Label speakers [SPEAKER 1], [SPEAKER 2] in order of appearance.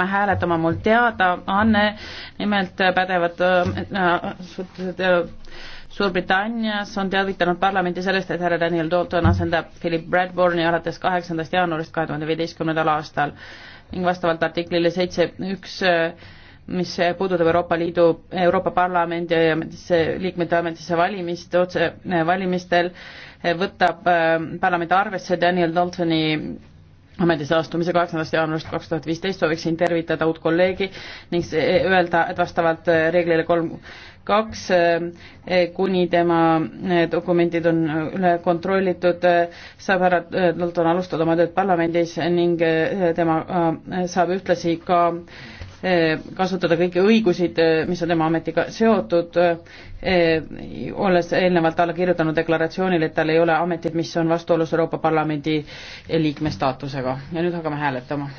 [SPEAKER 1] hakkame hääletama, mul teada, Anne, nimelt pädevad äh, äh, Suurbritannias on teavitanud parlamenti sellest, et härra Daniel Dalton asendab Philip Bradburni alates kaheksandast jaanuarist kahe tuhande viieteistkümnendal aastal ning vastavalt artiklile seitse üks mis puudutab Euroopa Liidu, Euroopa Parlamendi ja ametisse, liikmete ametisse valimist, otse eh, valimistel, eh, võtab eh, parlament arvesse Daniel Daltoni ametisse astumise kaheksandast jaanuarist kaks tuhat viisteist sooviksin tervitada uut kolleegi ning öelda, et vastavalt äh, reeglile kolm kaks äh, kuni tema äh, dokumendid on üle kontrollitud, saab härra Dalton alustada oma tööd parlamendis ning tema saab ühtlasi ka Eh, kasutada kõiki õigusid, eh, mis on tema ametiga seotud, eh, olles eelnevalt alla kirjutanud deklaratsioonile, et tal ei ole ametit, mis on vastuolus Euroopa Parlamendi liikme staatusega ja nüüd hakkame hääletama